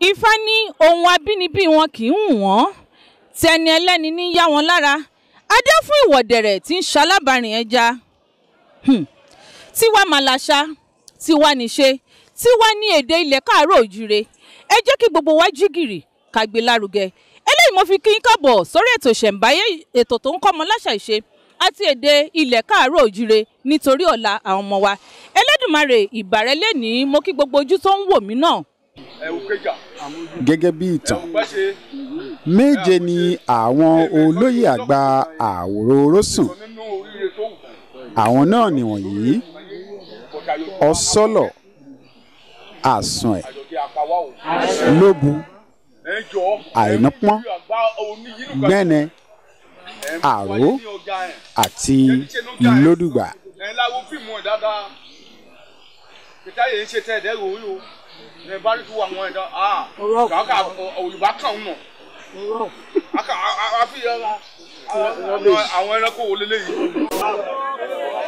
ifá ní ohun abínibí wọn kì í hù wọ́n tẹni ẹlẹ́ni ní yá wọn lára adé fún ìwọ̀dẹ̀rẹ̀ tí ń ṣalábàárìn ẹja hmm. tiwa màlàṣà tiwa níṣe tiwa ní èdè ilẹ̀ káàárọ̀ òjúre ẹ jẹ́ kí gbogbo wa jí gìrì ká gbé lárugẹ eléyìí mo fi kí n káàbọ̀ sórí ètò ìṣẹ̀ǹbáyé ètò tó ń kọ́ ọmọ láṣà ìṣe àti èdè ilẹ̀ káàárọ̀ òjúre nítorí ọ̀la àwọn ọmọ wa ẹlẹ́dùnmarè ìbàrẹ́lẹ́ni mo kí gbogbo ojú tó ń wò mí náà. ẹ ò kéjà gẹ́gẹ́ bí ìtàn méje ni àwọn olóyè àgbà àwòrò sùn àwọn náà nìwọ̀nyí ọ̀sọ́lọ̀ àsùn ẹ̀ lóbu àìnápọ́n gbẹ́nẹ àró àti lódùgbà ní bá dùn àwọn ẹ̀dá ah kàkà òyìnbá kàn mọ̀ àfi àwọn ẹranko wò lélẹ́yìí.